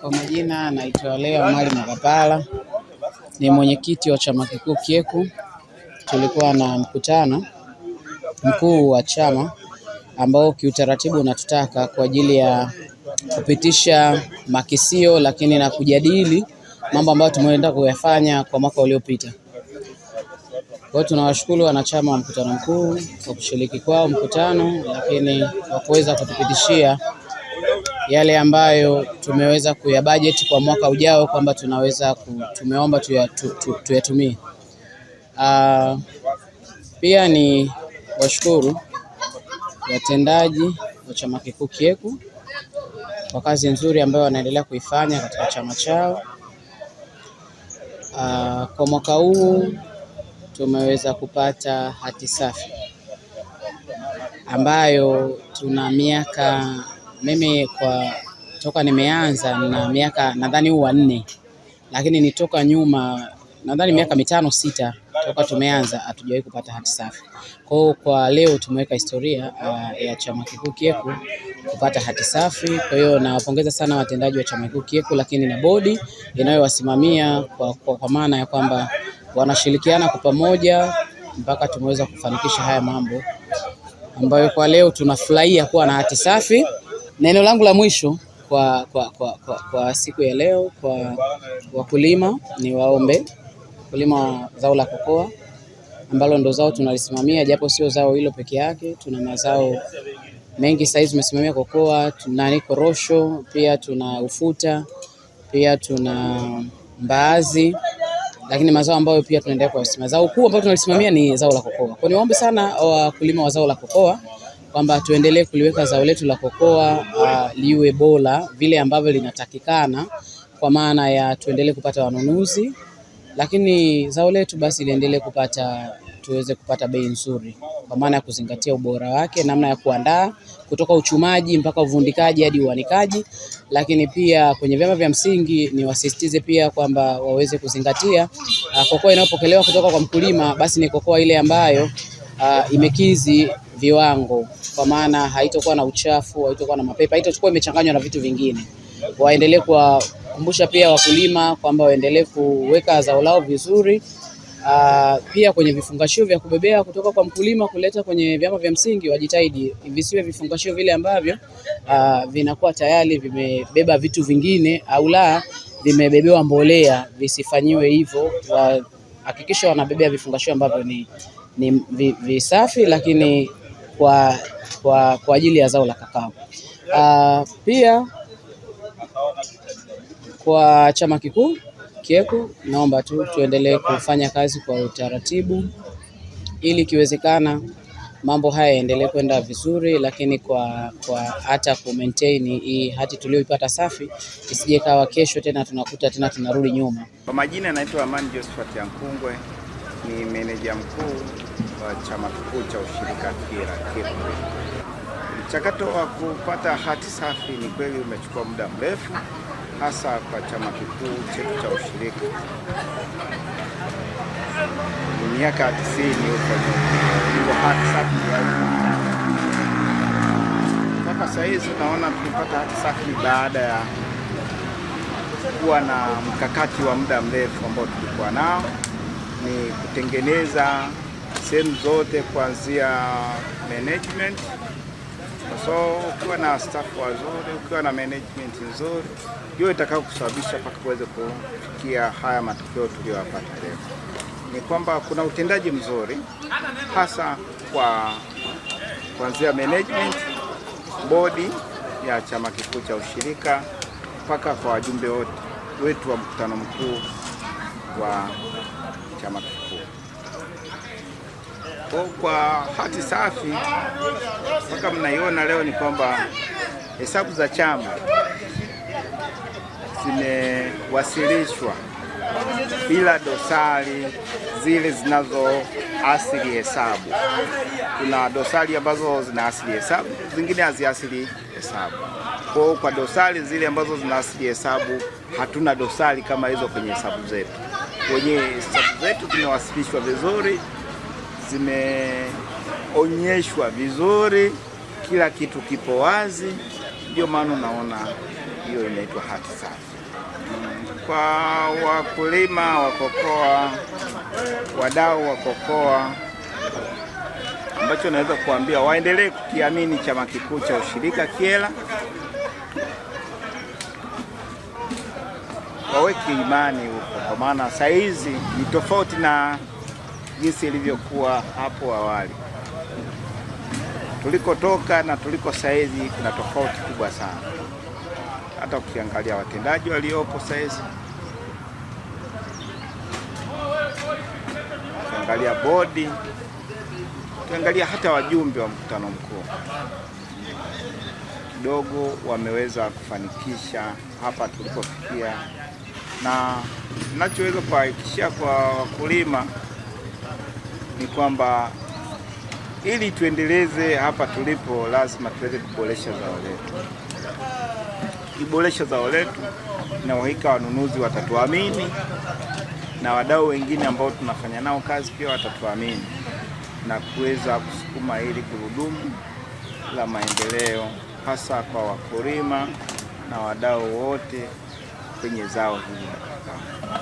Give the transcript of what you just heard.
Kwa majina naitwa Lea Mwali Makapala, ni mwenyekiti wa chama kikuu kieku Tulikuwa na mkutano mkuu wa chama ambao kiutaratibu unatutaka kwa ajili ya kupitisha makisio, lakini na kujadili mambo ambayo tumeenda kuyafanya kwa mwaka uliopita. Kwa hiyo tunawashukuru wanachama wa mkutano mkuu kwa kushiriki kwao mkutano, lakini kwa kuweza kutupitishia yale ambayo tumeweza kuyabajeti kwa mwaka ujao kwamba tunaweza tumeomba tuyatumie. Uh, pia ni washukuru watendaji wa chama kikuu kieku kwa kazi nzuri ambayo wanaendelea kuifanya katika chama chao. Uh, kwa mwaka huu tumeweza kupata hati safi ambayo tuna miaka mimi kwa toka nimeanza na miaka nadhani huu wanne nne, lakini nitoka nyuma nadhani miaka mitano sita toka tumeanza hatujawahi kupata hati safi. Kwa hiyo kwa leo tumeweka historia uh, ya chama kikuu Kieku kupata hati safi. Kwa hiyo nawapongeza sana watendaji wa chama kikuu Kieku, lakini na bodi inayowasimamia kwa, kwa, kwa maana ya kwamba wanashirikiana kwa pamoja mpaka tumeweza kufanikisha haya mambo ambayo kwa leo tunafurahia kuwa na hati safi. Neno langu la mwisho kwa, kwa, kwa, kwa, kwa siku ya leo kwa wakulima ni waombe wakulima wa zao la kokoa ambalo ndo zao tunalisimamia, japo sio zao hilo peke yake. Tuna mazao mengi sasa hivi tumesimamia kokoa, tuna korosho pia, tuna ufuta pia, tuna mbaazi, lakini mazao ambayo pia tunaendelea kuyasimamia. Zao kuu ambayo tunalisimamia ni zao la kokoa. Kwa niombe sana wakulima wa zao la kokoa kwamba tuendelee kuliweka zao letu la kokoa uh, liwe bora vile ambavyo linatakikana, kwa maana ya tuendelee kupata wanunuzi, lakini zao letu basi liendelee kupata tuweze kupata bei nzuri, kwa maana ya kuzingatia ubora wake, namna ya kuandaa kutoka uchumaji mpaka uvundikaji hadi uanikaji. Lakini pia kwenye vyama vya msingi niwasisitize pia kwamba waweze kuzingatia uh, kokoa inayopokelewa kutoka kwa mkulima basi ni kokoa ile ambayo uh, ah, imekizi viwango, kwa maana haitokuwa na uchafu, haitokuwa na mapepa, haitokuwa imechanganywa na vitu vingine. Waendelee kuwakumbusha pia wakulima kwamba waendelee kuweka zao lao vizuri. Uh, pia kwenye vifungashio vya kubebea kutoka kwa mkulima kuleta kwenye vyama vya msingi, wajitahidi visiwe vifungashio vile ambavyo uh, vinakuwa tayari vimebeba vitu vingine au la vimebebewa mbolea, visifanyiwe hivyo. Wahakikisha wanabebea vifungashio ambavyo ni, ni visafi lakini kwa, kwa, kwa ajili ya zao la kakao. Uh, ah, pia kwa chama kikuu kieku naomba tu tuendelee kufanya kazi kwa utaratibu ili ikiwezekana mambo haya yaendelee kwenda vizuri, lakini kwa kwa hata ku maintain hii hati tuliyoipata safi isije kawa kesho tena tunakuta tena tunarudi nyuma. Kwa majina anaitwa Amani Josephat Yankungwe meneja mkuu wa chama kikuu cha ushirika KIRA Mchakato wa kupata hati safi ni kweli umechukua muda mrefu, hasa kwa chama kikuu chetu cha ushirika. Miaka tisini huko hati safi mpaka saa naona hati safi baada ya kuwa na mkakati wa muda mrefu ambao tulikuwa nao ni kutengeneza sehemu zote kuanzia management. So ukiwa na staff wazuri, ukiwa na management nzuri, hiyo itakao kusababisha mpaka kuweze kufikia haya matokeo tuliyoyapata leo. Ni kwamba kuna utendaji mzuri hasa kwa kuanzia management, bodi ya chama kikuu cha ushirika mpaka kwa wajumbe wote wetu wa mkutano mkuu wa chama kikuu. Kwa hati safi mpaka mnaiona leo ni kwamba hesabu za chama zimewasilishwa bila dosari zile zinazo asili hesabu. Kuna dosari ambazo zina asili hesabu, zingine haziasili hesabu. Kwa kwa dosari zile ambazo zina asili hesabu hatuna dosari kama hizo kwenye hesabu zetu kwenye hesabu zetu zimewasilishwa vizuri, zimeonyeshwa vizuri, kila kitu kipo wazi. Ndio maana unaona hiyo inaitwa hati safi. Kwa wakulima wa kokoa, wadau wa kokoa, ambacho naweza kuambia waendelee kukiamini chama kikuu cha ushirika Kyela, waweke imani huko kwa maana saa hizi ni tofauti na jinsi ilivyokuwa hapo awali. Tulikotoka na tuliko saa hizi kuna tofauti kubwa sana, hata ukiangalia watendaji waliopo saa hizi, ukiangalia bodi, ukiangalia hata wajumbe wa mkutano mkuu kidogo wameweza kufanikisha hapa tulipofikia na ninachoweza kuhakikishia kwa wakulima ni kwamba ili tuendeleze hapa tulipo, lazima tuweze kuboresha zao letu. Tukiboresha zao letu, na uhakika wanunuzi watatuamini na wadau wengine ambao tunafanya nao kazi pia watatuamini na kuweza kusukuma ili kurudumu la maendeleo, hasa kwa wakulima na wadau wote. tôi nhiều giàu